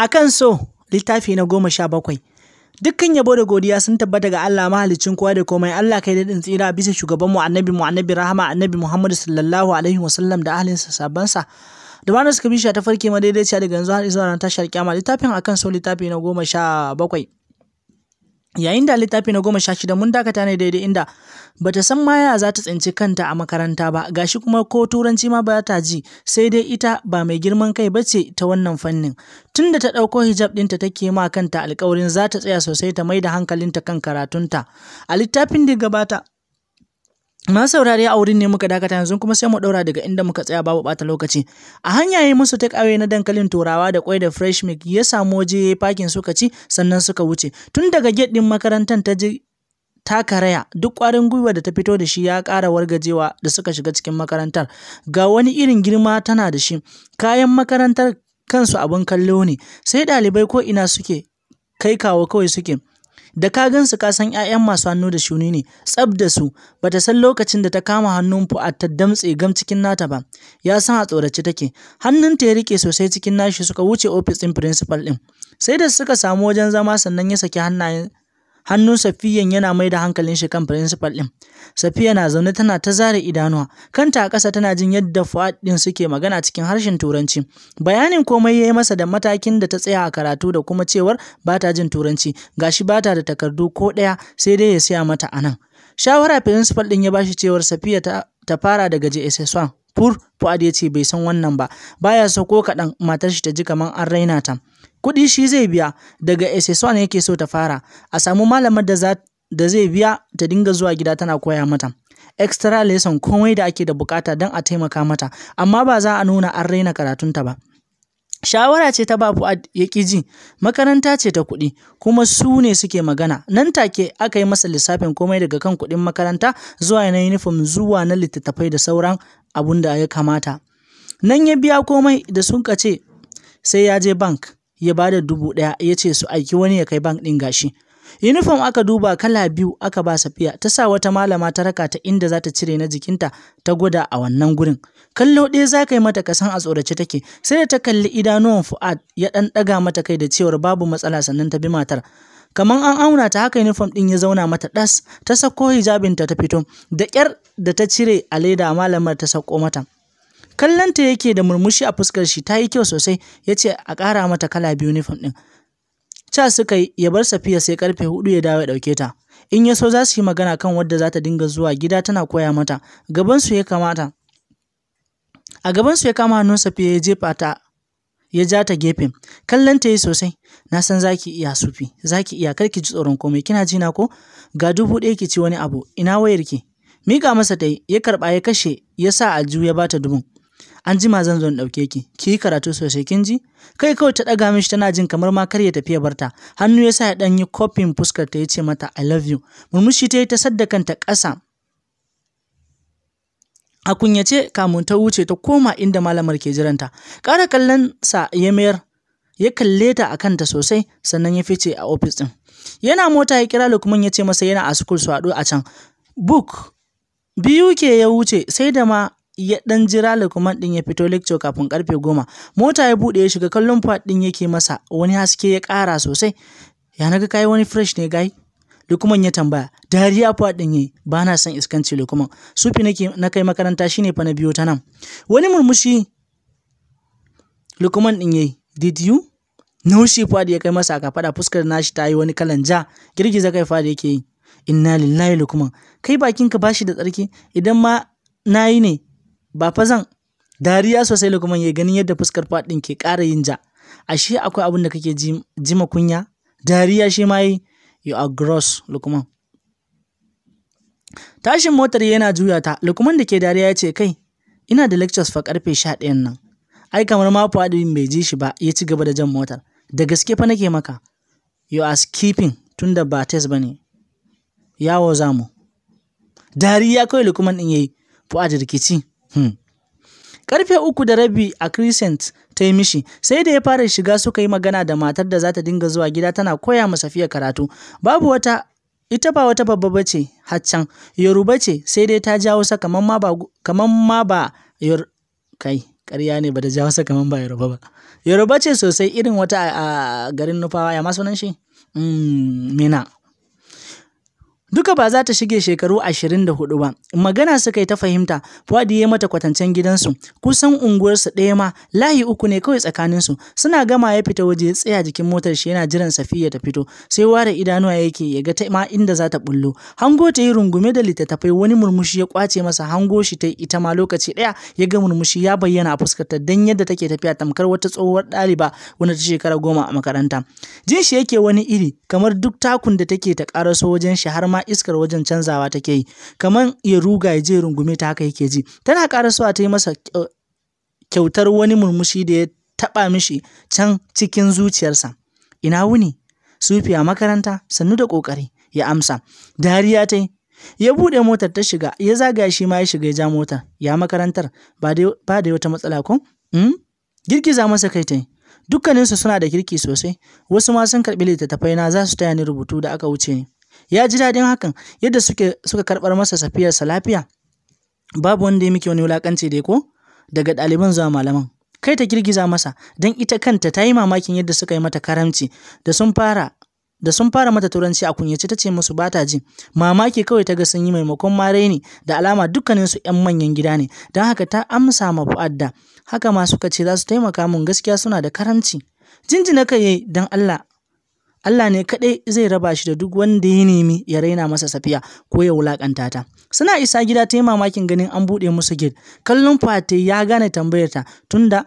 A kan so, littafi na goma sha bakwai. Dukkan yabo da godiya sun tabbata ga Allah mahalicin kowa da komai Allah kai daɗin tsira bisa shugabanmu annabi mu annabi rahama annabi Muhammadu sallallahu alaihi wasallam da ahlinsa sabansa. da wani suka bishiya ta farke madaidaiciya daga yanzu har izuwa ran tashar kyama littafin akan so littafi na goma sha bakwai. yayin da littafi na goma sha shida mun dakata ne daidai inda bata san maya za ta tsinci kanta a makaranta ba gashi kuma ko turanci ma ba ta ji sai dai ita ba mai girman kai ba ce ta wannan fannin tunda ta ɗauko hijab ɗinta take ma kanta alƙawarin za ta tsaya sosai ta mai da hankalinta kan karatunta a littafin da gabata Ma saurari a wurin ne muka dakata yanzu kuma sai mu ɗaura daga inda muka tsaya babu bata lokaci a hanya yi musu take na dankalin turawa da kwai da fresh milk ya samu waje fakin suka ci sannan suka wuce tun daga gate din makarantar ta ji ta karaya duk ƙwarin gwiwa da ta fito da shi ya ƙara wargajewa da suka shiga cikin makarantar ga wani irin girma tana da shi kayan makarantar kansu abin kallo ne sai ɗalibai ko ina suke kai kawo kawai suke da ka gansu ka san 'ya'yan masu hannu da shuni ne tsab da su ta san lokacin da ta kama hannun a ta damtse gam cikin nata ba ya san a tsorace take ta ya rike sosai cikin nashi suka wuce ofis ɗin principal ɗin sai da suka samu wajen zama sannan ya saki hannayen hannun safiyan yana mai da hankalin shi kan principal ɗin safiya na zaune tana ta zare idanuwa kanta a ƙasa tana jin yadda fuad ɗin suke magana cikin harshen turanci bayanin komai ya yi masa da matakin da ta tsaya a karatu da kuma cewar ba ta jin turanci gashi ba ta da takardu ko ɗaya sai dai ya siya mata a nan shawara principal ɗin ya ba shi cewar safiya ta, ta fara daga jss1 "Pur fuad ya ce bai san wannan ba baya so ko kaɗan matar shi ta ji kamar an raina ta kuɗi shi zai biya daga SS1 yake so ta fara a samu malamar da da zai biya ta dinga zuwa gida tana koya mata extra lesson komai da ake da bukata don a taimaka mata amma ba za a nuna an raina karatunta ba shawara ce ta babu ad ya ji makaranta ce ta kuɗi kuma su ne suke magana nan take aka yi masa lissafin komai daga kan kuɗin makaranta zuwa na uniform zuwa na littattafai da sauran abun da ya kamata nan ya biya komai da sun ce sai ya je bank ya ba da dubu ɗaya ya ce su aiki wani ya kai bank ɗin gashi. Yunifom aka duba kala biyu aka ba Safiya ta sa wata malama ta raka ta inda za ta cire na jikinta ta gwada a wannan gurin. Kallo ɗaya za ka yi mata kasan a tsorace take sai da ta kalli idanuwan Fu'ad ya ɗan ɗaga mata kai da cewar babu matsala sannan ta bi matar. kamar an auna ta haka yunifom ɗin ya zauna mata ɗas ta sako hijabinta ta fito da ƙyar da ta cire a leda malamar ta sako mata. ta yake da murmushi a fuskar shi ta yi kyau sosai ya ce a ƙara mata kala biyu nufin ɗin ca suka yi ya bar safiya sai karfe hudu ya dawo ya ɗauke ta in ya so za su yi magana kan wadda za ta dinga zuwa gida tana koya mata gabansu ya kamata a gabansu ya kama hannun safiya ya jefa ta ya ja ta gefe kallon ta yi sosai na san zaki iya sufi ki iya kar ki ji tsoron komai kina ji na ko ga dubu ɗaya ki ci wani abu ina wayar ki mika masa ta yi ya karɓa ya kashe ya sa a ya ta dubun an jima zan zo in ɗauke ki ki yi karatu sosai kin ji kai kawai ta ɗaga mishi tana jin kamar ma kar ya tafi ya barta hannu ya sa ya ɗan yi kofin fuskar ta ya ce mata i love you murmushi ta yi ta sadda kanta ƙasa a kunyace kamun ta wuce ta koma inda malamar ke jiranta ƙara kallon sa ya mayar ya kalle ta a kanta sosai sannan ya fice a ofis ɗin yana mota ya kira lukman ya ce masa yana a sukul su haɗu a can Buk biyu ke ya wuce sai da ma ya dan jira Lukman din ya fito lecture kafin karfe goma. Mota ya bude ya shiga kallon fat din yake masa wani haske ya kara sosai. Ya naga kai wani fresh ne gai? Lukuman ya tambaya. Dariya fat din yi ba na son iskanci Lukuman. Sufi nake na kai makaranta shine fa na biyo ta nan. Wani murmushi Lukman din yayi. Did you? shi fad ya kai masa ka fada fuskar nashi ta yi wani kalan ja. Girgiza kai fad yake yi. Inna lillahi lukuman. Kai bakinka bashi da tsarki idan ma nayi ne ba fa zan dariya sosai lukman ya ganin yadda fuskar faɗin ke ƙara yin ja ashe akwai abin da kake jima kunya dariya shi ma yi you are gross lukman tashin motar yana juya ta lukman da ke dariya ya ce kai ina da lectures fa karfe sha ɗayan nan ai kamar ma faɗin bai ji shi ba ya ci gaba da jan motar da gaske fa nake maka you are skipping tunda ba test ne. yawo zamu dariya kawai lukman din yayi da rikici Hmm. karfe uku da rabi a Crescent ta yi mishi, sai da ya fara shiga suka yi magana da matar da za ta dinga zuwa gida tana koya ma Safiya karatu. Babu wata ita ba wata babba ba ce haccan, Yoruba ce sai dai ta jawo sa kaman ma ba kai ƙarya ne ba da jawo sa kamar ba Yoruba ba. Yoruba ce sosai irin wata a garin Nufawa ya masu nan shi? Hmm, Mina. Duka ba za ta shige shekaru ashirin da hudu ba, magana suka yi ta fahimta, Fuadi ya mata kwatancen gidansu, kusan unguwarsu ɗaya ma, layi uku ne kawai tsakaninsu, suna gama ya fita waje ya tsaya jikin motar shi yana jiran Safiya ta fito, sai ware idanuwa yake ya ga ta ma inda za ta bullo. Hango ta yi rungume da littattafai wani murmushi ya kwace masa hango shi ta ita ma lokaci ɗaya ya ga murmushi ya bayyana a fuskarta don yadda take tafiya tamkar wata tsohuwar ɗaliba wanda ta shekara goma a makaranta. Jin shi yake wani iri kamar duk takun da take ta ƙaraso wajen shi har ma iskar wajen canzawa take yi kamar ya ruga ya je rungume ta haka yake ji tana ƙarasuwa ta yi masa eh, kyautar wani murmushi da ya taba mishi can cikin zuciyarsa ina wuni sufi a makaranta sannu da kokari. ya amsa dariya ta yi ya buɗe motar ta shiga ya zaga shi ma ya shiga ya ja mota. ya makarantar ba da wata matsala ko mm? girgiza masa kai ta yi dukkaninsu suna da kirki sosai wasu ma sun karɓi littattafai na za su taya ni rubutu da aka wuce ni ya ji daɗin hakan yadda suke suka karɓar masa safiyarsa lafiya babu wanda ya miki wani wulakanci dai ko daga ɗaliban zuwa malaman kai ta girgiza masa don ita kanta ta yi mamakin yadda suka yi mata karamci da sun fara da sun fara mata turanci a kunyace ta ce musu ba ta ji mamaki kawai ta ga sun yi maimakon mare ne da alama dukkanin su yan manyan gida ne don haka ta amsa ma fu'adda haka ma suka ce za su taimaka mun gaskiya suna da karamci jinjina kai don Allah Allah ne kaɗai zai raba shi da duk wanda ya nemi ya raina masa safiya ko ya wulaƙanta ta. Suna isa gida ta yi mamakin ganin an buɗe musu gid. Kallon fate ya gane tambayar ta tunda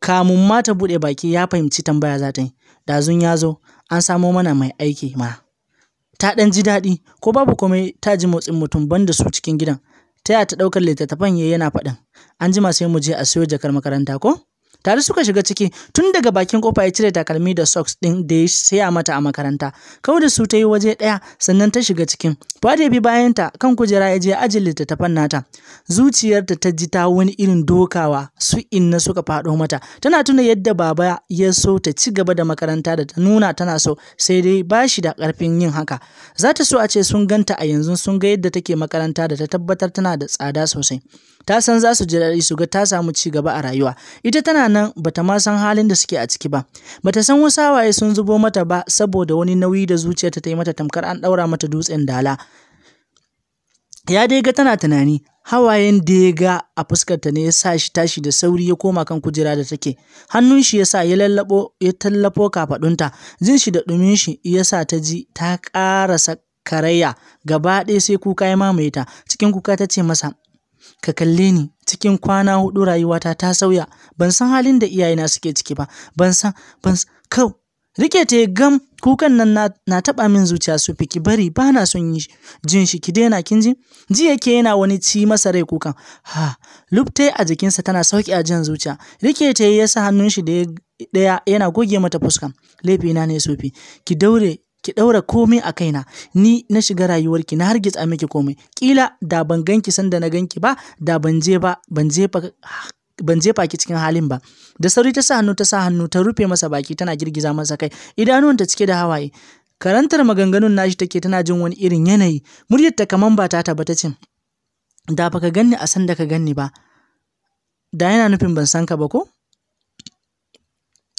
kamun ma buɗe baki ya fahimci tambaya za ta yi. Dazun ya zo an samo mana mai aiki ma. Ta ɗan ji daɗi ko babu komai ta ji motsin mutum banda su cikin gidan. Ta ta ɗaukar littattafan ya yana faɗin. An jima sai mu je a siyo jakar makaranta ko? tare suka shiga ciki tun daga bakin kofa ya cire takalmi da socks din da ya saya mata a makaranta kawai da su ta yi waje ɗaya sannan ta shiga cikin fadi ya bi bayanta kan kujera ya je ajin littattafan nata zuciyarta ta ji ta wani irin dokawa su inna suka fado mata tana tuna yadda baba ya so ta ci gaba da makaranta da ta nuna tana so sai dai bashi shi da ƙarfin yin haka za ta so a ce sun ganta a yanzu sun ga yadda take makaranta da ta tabbatar tana da tsada sosai ta san za su ji daɗi su ga ta samu ci gaba a rayuwa ita tana nan bata ma san halin da suke a ciki ba bata san wasu hawaye sun zubo mata ba saboda wani nauyi da zuciyarta ta yi mata tamkar an ɗaura mata dutsen dala ya dai ga tana tunani hawayen da ya ga a fuskarta ne ya sa shi tashi da sauri ya koma kan kujera da take hannun shi ya sa ya lallabo ya tallafo kafaɗunta jin shi da ɗumin shi ya sa ta ji ta ƙarasa karayya gaba ɗaya sai kuka ya mamaye ta cikin kuka ta ce masa ka kalle ni cikin kwana hudu rayuwata ta sauya ban san halin da iyayena suke ciki ba ban san ban kau rike ta gam kukan nan na, na taba min zuciya su fiki bari ba na son yi jin shi ki daina kin ji ji yake yana wani ci masa rai kukan ha lupte a jikinsa tana sauki a jan zuciya rike ta ya hannun shi da daya yana goge mata fuska laifi na ne sofi ki daure ki ɗaura komai a kaina ni na shiga rayuwarki na hargitsa miki komai kila da ban ganki sanda na ganki ba da ban je ba ban je ban jefa ki cikin halin ba da sauri ta sa hannu ta sa hannu ta rufe masa baki tana girgiza masa kai idanuwanta cike da hawaye karantar maganganun nashi take tana jin wani irin yanayi muryar ta kaman ba ta taba ce da baka ganni a san da ka ganni ba da yana nufin ban san ka ba ko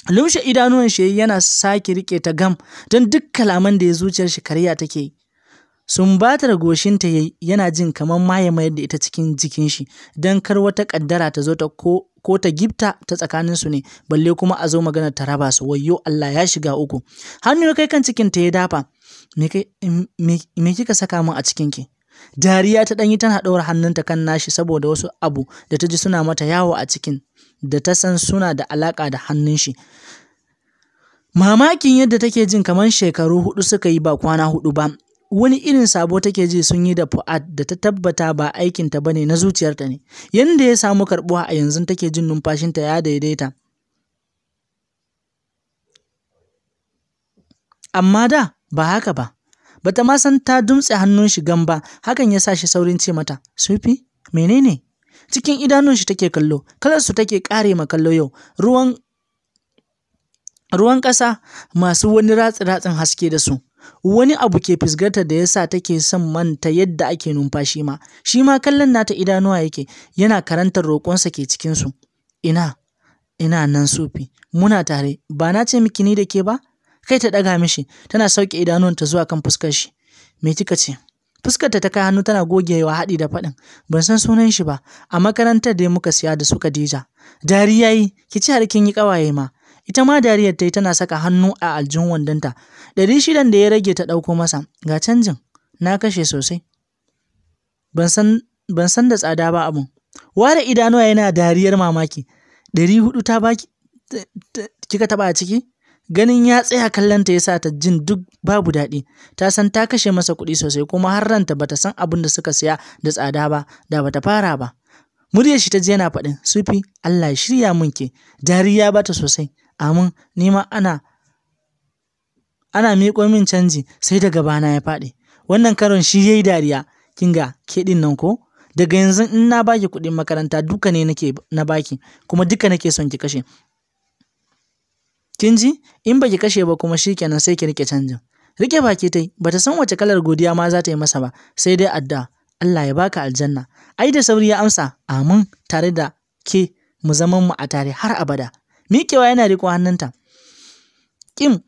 lumshe idanuwan shi yana sake rike ta gam don duk kalaman da ya zuciyar shi karya take yi sumbatar goshinta yayi yana jin kamar ma mayar da ita cikin jikin shi don kar wata kaddara ta zo ta ko ko ta gifta ta tsakanin su ne balle kuma a zo magana ta raba su wayyo Allah ya shiga uku hannu kai kan cikin ta ya dafa me kika saka min a cikin ki dariya ta danyi tana ɗaura hannunta kan nashi saboda wasu abu da ta ji suna mata yawo a cikin da ta san suna da alaƙa da hannun shi mamakin yadda take jin kamar shekaru hudu suka yi ba kwana hudu ba wani irin sabo take ji sun yi da fu'ad da ta tabbata ba aikinta ba ne na zuciyarta ne yadda ya samu karbuwa a yanzu take jin numfashinta ya daidaita amma da ba haka ba bata ma san ta dumtse hannun shi gan ba hakan ya sa shi saurin ce mata sufi menene cikin idanun shi take kallo kalar su take kare ma kallo yau ruwan ruwan ƙasa masu wani ratsi-ratsin haske da su wani abu ke fisgarta da yasa take son manta yadda ake numfashi ma shi ma kallon nata idanuwa yake yana karantar roƙonsa ke cikinsu ina ina nan sufi muna tare ba na ce miki ni da ke ba kai ta ɗaga mishi tana sauke idanunta zuwa kan fuskar shi me kika ce fuskarta ta kai hannu tana gogewa haɗi da faɗin ban san sunan shi ba a makarantar da muka siya da su Khadija dariya yi ki ci har yi ƙawaye ma ita ma dariyar ta yi tana saka hannu a aljihun wandonta ɗari shidan da ya rage ta ɗauko masa ga canjin na kashe sosai ban san da tsada ba abun ware idanuwa yana dariyar mamaki ɗari hudu ta baki kika taɓa a ciki ganin ya tsaya kallon ta yasa ta jin duk babu daɗi ta san ta kashe masa kuɗi sosai kuma har ranta bata san abin da suka siya da tsada ba da bata fara ba muryar shi ta ji yana faɗin sufi Allah ya shirya min ke dariya bata sosai amin nima ana ana miƙo min canji sai daga bana ya faɗi wannan karon shi yayi dariya kinga ke din nan ko daga yanzu in na baki kuɗin makaranta duka ne nake na baki kuma duka nake son ki kashe Kin ji? In baki kashe ba kuma shi shikenan sai ki rike canjin. Rike baki tai, bata san wace kalar godiya ma za ta yi masa ba, sai dai addu'a. Allah ya baka aljanna. Ai da sauri ya amsa, amin tare da ke mu zaman mu a tare har abada. Miƙewa yana riko hannunta. Kim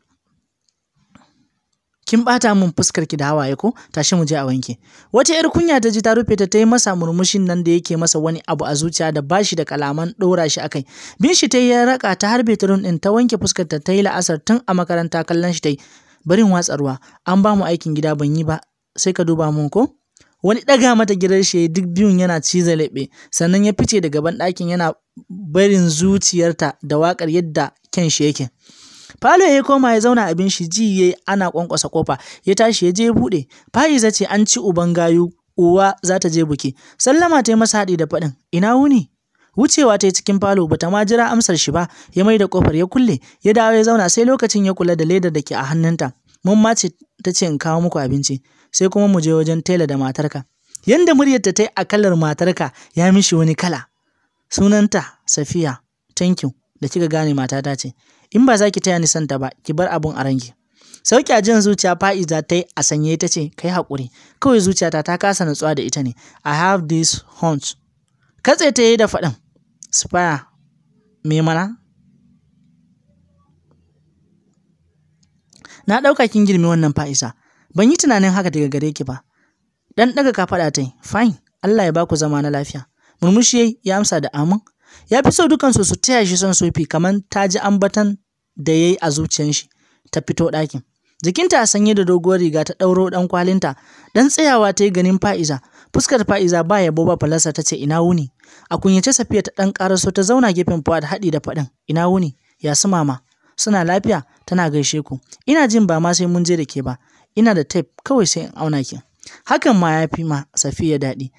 kin bata min fuskar ki da hawaye ko tashi mu je a wanke wata yar kunya ta ji ta rufe ta yi masa murmushin nan da yake masa wani abu a zuciya da bashi da kalaman dora shi akai bin shi ta yi raka ta harbe turun din ta wanke fuskar ta ta yi la'asar tun a makaranta kallon shi ta yi barin watsa ruwa an ba mu aikin gida ban yi ba sai ka duba mun ko wani daga mata gidan shi duk biyun yana ciza laɓe, sannan ya fice daga ban ɗakin yana barin zuciyarta da waƙar yadda kyan shi yake Falo ya koma ya zauna abin shi ji ya ana kwankwasa kofa. ya tashi ya je ya buɗe. Fa'iza ce an ci uban gayu, uwa za ta je buki. Sallama ta yi masa haɗi da faɗin, ina wuni? Wucewa ta yi cikin falo bata ma jira amsar shi ba, ya mai da ƙofar ya kulle, ya dawo ya zauna sai lokacin ya kula da ledar da ke a hannunta. mun ce ta ce in kawo muku abinci, sai kuma mu je wajen tela da matarka. Yanda muryarta ta yi a kalar matarka ya mishi wani kala. Sunanta Safiya, thank you. da kika gane matata ce in ba za ki taya ni santa ba ki bar abun a ranki sauki a jin zuciya fa'iza ta yi a sanye ta ce kai haƙuri kawai zuciyata ta kasa natsuwa da ita ne i have this hunch katse ta yi da faɗin spire me mana na ɗauka kin girmi wannan fa'iza ban yi tunanin haka daga gare ki ba dan ɗaga ka faɗa ta fine allah ya baku zama na lafiya murmushi ya amsa da amin Ya fi so dukansu su taya shi son sufi kamar ta ji ambatan da ya yi a zuciyar shi ta fito ɗakin. Jikinta a sanye da doguwar riga ta ɗauro ɗan kwalinta, ɗan tsayawa ta yi ganin fa'iza. Fuskar fa'iza ba bo ba falasa ta ce ina wuni. A kunyace safiya ta ɗan ƙaraso ta zauna gefen fuwa haɗi da faɗin ina wuni ya su mama. Suna lafiya tana gaishe ku. Ina jin ba ma sai mun je da ke ba. Ina da tape kawai sai in auna ki. Hakan ma ya fi ma Safiya daɗi.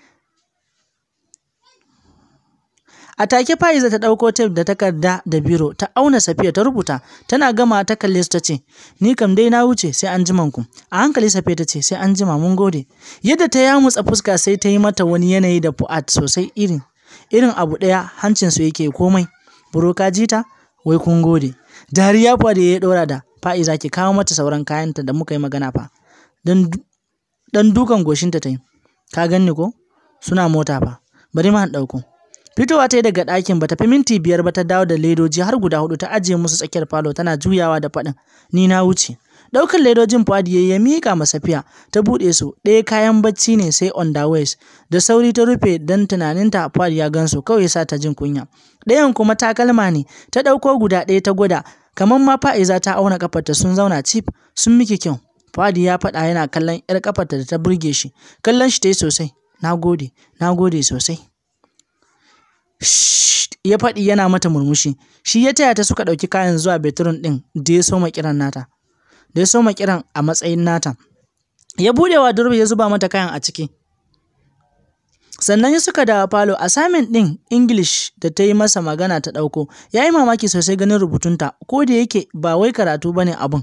A take Faiza ta ɗauko tef da takarda da biro ta auna Safiya ta rubuta tana gama ta kalle su ta ce ni kam dai na wuce sai an jima ku a hankali Safiya ta ce sai an jima mun gode yadda ta ya mutsa fuska sai ta yi mata wani yanayi da fu'ad sosai irin irin abu ɗaya hancin su yake komai buro ka jita wai kun gode dariya fa da ya ɗora da fa'iza ki kawo mata sauran kayanta da muka yi magana fa dan dukan goshinta ta yi ka ganni ko suna mota fa bari ma ɗauko Fitowa ta yi daga ɗakin ba ta fi minti biyar ba ta dawo da ledoji har guda hudu ta ajiye musu tsakiyar falo tana juyawa da faɗin ni na wuce. Ɗaukar ledojin Fuadi ya miƙa ma Safiya ta buɗe su ɗaya kayan bacci ne sai underwears da sauri ta rufe don tunaninta fadi ya gansu kawai sa ta jin kunya. Ɗayan kuma takalma ne ta ɗauko guda ɗaya ta gwada kamar ma fa'iza ta auna kafarta sun zauna cif sun miki kyau. fadi ya faɗa yana kallon 'yar kafarta da ta burge shi kallon shi ta yi sosai na gode na gode sosai. ya faɗi yana mata murmushi shi ya taya ta suka ɗauki kayan zuwa betrun ɗin da ya soma kiran nata da ya soma kiran a matsayin nata ya buɗe wa durbi ya zuba mata kayan a ciki sannan ya suka dawa falo samin ɗin english da ta yi masa magana ta ɗauko ya yi mamaki sosai ganin rubutunta ko da yake ba wai karatu ba ne abin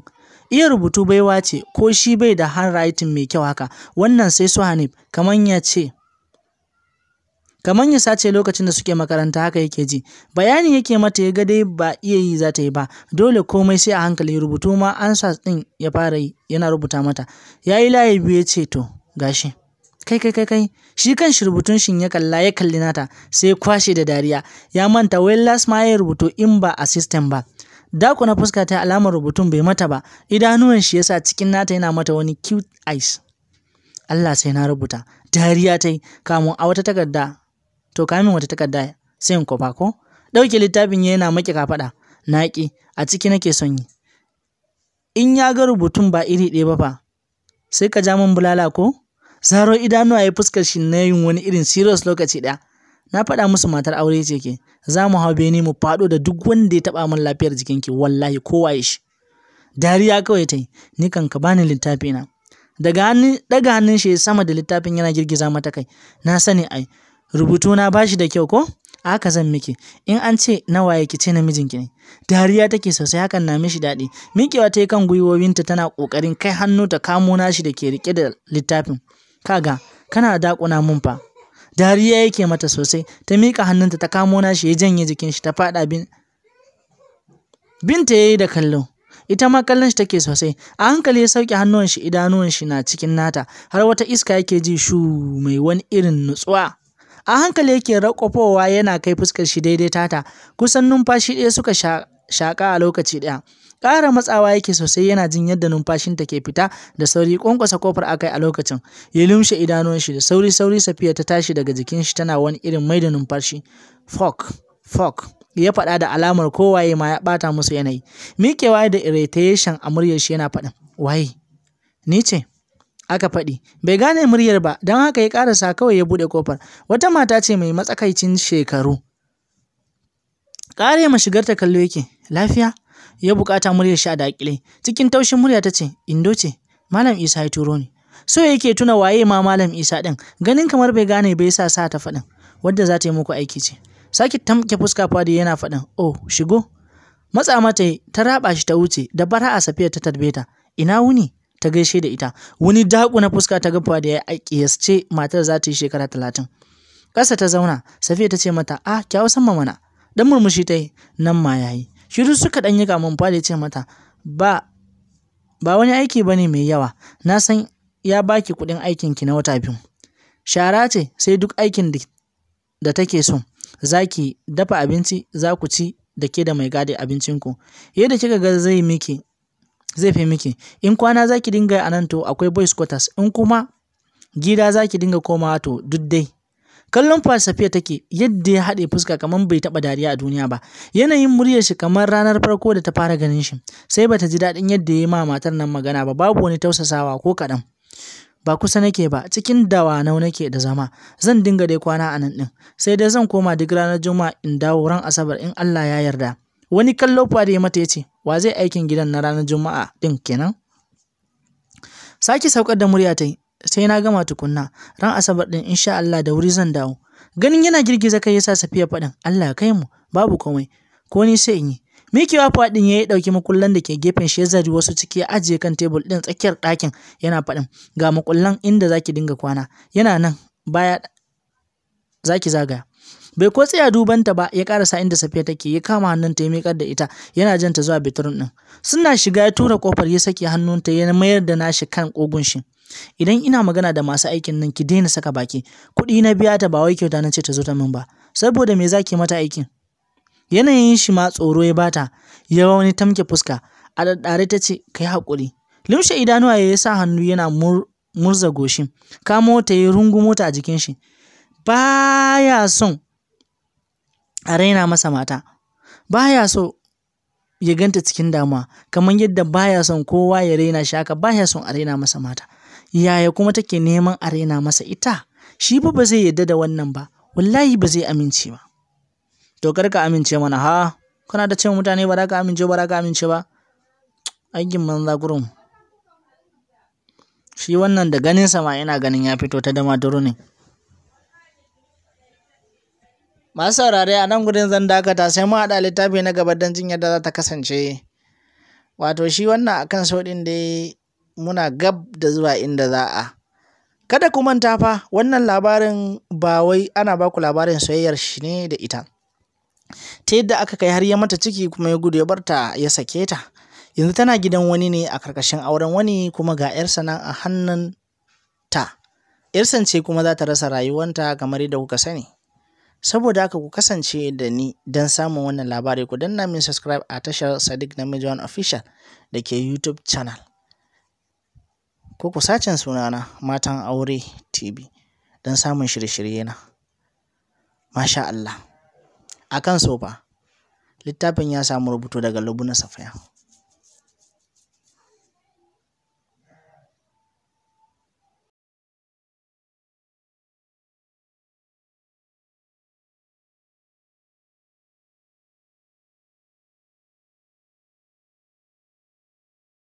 iya rubutu baiwa ce ko shi bai da handwriting mai kyau haka wannan sai su hanif kamar ya ce kamar ya sace lokacin da suke makaranta haka yake ji bayani yake mata ya ga dai ba iya yi za ta yi ba dole komai sai a hankali rubutu ma ansa din ya fara yi yana rubuta mata ya yi layi biyu ya ce to gashi kai kai kai kai shi kan shi rubutun shin ya kalla ya kalli nata sai kwashe da dariya ya manta wai last ma ya rubutu in ba a system ba dako na fuska ta alamar rubutun bai mata ba idanuwan shi yasa cikin nata yana mata wani cute eyes Allah sai na rubuta dariya ta yi kamun a wata takarda to ka min wata takarda sai in kwafa ko ɗauke littafin yana maƙi na naƙi a ciki nake son yi in ya ga rubutun ba iri ɗaya ba fa sai ka ja min bulala ko zaro idanuwa ya fuskar shi na yin wani irin serious lokaci ɗaya na faɗa musu matar aure ce ke za mu hau bene mu faɗo da duk wanda ya taɓa min lafiyar jikinki wallahi kowa ya shi dariya kawai ta yi ni kan ka bani littafina. daga hannun daga hannun shi sama da littafin yana girgiza mata kai na sani ai Rubutu na bashi da kyau ko? A zan miki. In an ce nawa yake ce namijinki ne. Dariya take sosai hakan na mishi daɗi. Miƙewa ta yi kan gwiwowinta tana ƙoƙarin kai hannu ta kamo nashi da ke riƙe da littafin. Kaga, kana daƙuna mun fa. Dariya yake mata sosai, ta miƙa hannunta ta kamo nashi ya janye jikin shi ta faɗa bin. Binta ya yi da kallo. Ita ma kallon shi take sosai, a hankali ya sauke hannuwan shi idanuwan shi na cikin nata, har wata iska yake ji shu mai wani irin nutsuwa. a hankali yake rakofowa yana kai fuskar shi daidai tata kusan numfashi ɗaya suka shaƙa a lokaci ɗaya ƙara matsawa yake sosai yana jin yadda numfashinta ke fita da sauri ƙwanƙwasa kofar akai a lokacin ya lumshe idanuwan shi da sauri sauri safiya ta tashi daga jikin shi tana wani irin mai da numfashi fok fok ya faɗa da alamar kowaye ma ya ɓata musu yanayi miƙewa da iretayeshan a muryar shi yana faɗin waye ni ce aka faɗi. Bai gane muryar ba, don haka ya ƙarasa kawai ya buɗe kofar. Wata mata ce mai matsakaicin shekaru. Ƙare ma shigar ta kallo yake, lafiya? Ya buƙata muryar shi a daƙile. Cikin taushin murya ta ce, Indo ce, Malam Isa ya turo ni. So yake tuna waye ma Malam Isa ɗin, ganin kamar bai gane bai sa sa ta faɗin, wadda za ta yi muku aiki ce. Sake tamke fuska fadi yana faɗin, oh, shigo. Matsa mata ta raɓa shi ta wuce, da bara a safiyar ta tarbe ta. Ina wuni? ta gaishe da ita wani daku na fuska ta ga da ya yi kiyasce matar za ta yi shekara talatin ƙasa ta zauna safiya ta ce mata a ah, kyawu sama mana dan murmushi ta yi nan ma ya yi shiru suka ɗan yi kamun fuwa da ce mata ba wani aiki ba ne mai yawa na san ya baki kuɗin aikin ki na wata biyu shara ce sai duk aikin da take so za ki dafa abinci za ku ci da ke da mai gadi abincinku yadda kika ga zai miki zai fi miki in kwana za ki dinga a nan to akwai boys quarters in kuma gida za ki dinga komawa to duk dai kallon falsafiya take yadda ya haɗe fuska kamar bai taɓa dariya a duniya ba yanayin muryar shi kamar ranar farko da ta fara ganin shi sai bata ji daɗin yadda ya yi ma matar nan magana ba babu wani tausasawa ko kaɗan ba kusa nake ba cikin dawanau nake da zama zan dinga dai kwana a nan ɗin sai dai zan koma duk ranar juma'a in dawo ran asabar in allah ya yarda wani kallo fare mata ya ce wa zai aikin gidan na ranar juma'a din kenan sake saukar da murya ta sai na gama tukunna ran asabar din insha Allah da wuri zan dawo ganin yana girgiza kai yasa safiya faɗin Allah kai mu babu komai ko ni sai in yi miki faɗin ya yi ɗauki makullan da ke gefen shi ya zari wasu ciki ya ajiye kan tebul din tsakiyar ɗakin yana faɗin ga makullan inda zaki dinga kwana yana nan baya zaki zagaya bai ko tsaya duban ta ba ya karasa inda safiya take ya kama hannun ta ya miƙar da ita yana jan ta zuwa bitrun din suna shiga ya tura kofar ya sake hannunta ya mayar da nashi kan kogun shi idan ina magana da masu aikin nan ki daina saka baki kuɗi na biya ta ba wai kyauta na ce ta zo ta min ba saboda me zaki mata aikin yanayin shi ma tsoro ya bata ya wani tamke fuska a daddare ta ce kai hakuri. limshe idanuwa ya sa hannu yana murza goshin kamo ta yi rungumo ta a jikin shi baya son a raina masa mata baya so ya ganta cikin damuwa kamar yadda baya son kowa ya raina shi haka baya son a raina masa mata yaya kuma take neman a raina masa ita shi fa ba zai yarda da wannan ba wallahi ba zai amince ba to kar ka amince mana ha kana da cewa mutane ba za ka amince ba za ka amince ba aikin manza gurin shi wannan da ganin sama yana ganin ya fito ta dama duru ne masu saurare a nan gudun zan dakata sai mu haɗa littafi na gaba don jin yadda za ta kasance wato shi wannan akan so ɗin dai muna gab da zuwa inda za a kada ku manta fa wannan labarin ba wai ana ba ku labarin soyayyar shi ne da ita ta yadda aka kai har ya mata ciki kuma ya gudu ya barta ya sake ta yanzu tana gidan wani ne a karkashin auren wani kuma ga 'yarsa nan a hannun ta 'yarsan ce kuma za ta rasa rayuwanta kamar yadda kuka sani Saboda haka ku kasance da ni don samun wannan labari ku danna min subscribe a tashar Sadiq Namiji One Official da ke YouTube channel. Ko ku sacin sunana Matan Aure TV don samun shirye-shirye na. Masha Allah. A kan sofa, littafin ya samu rubutu daga na Safiya.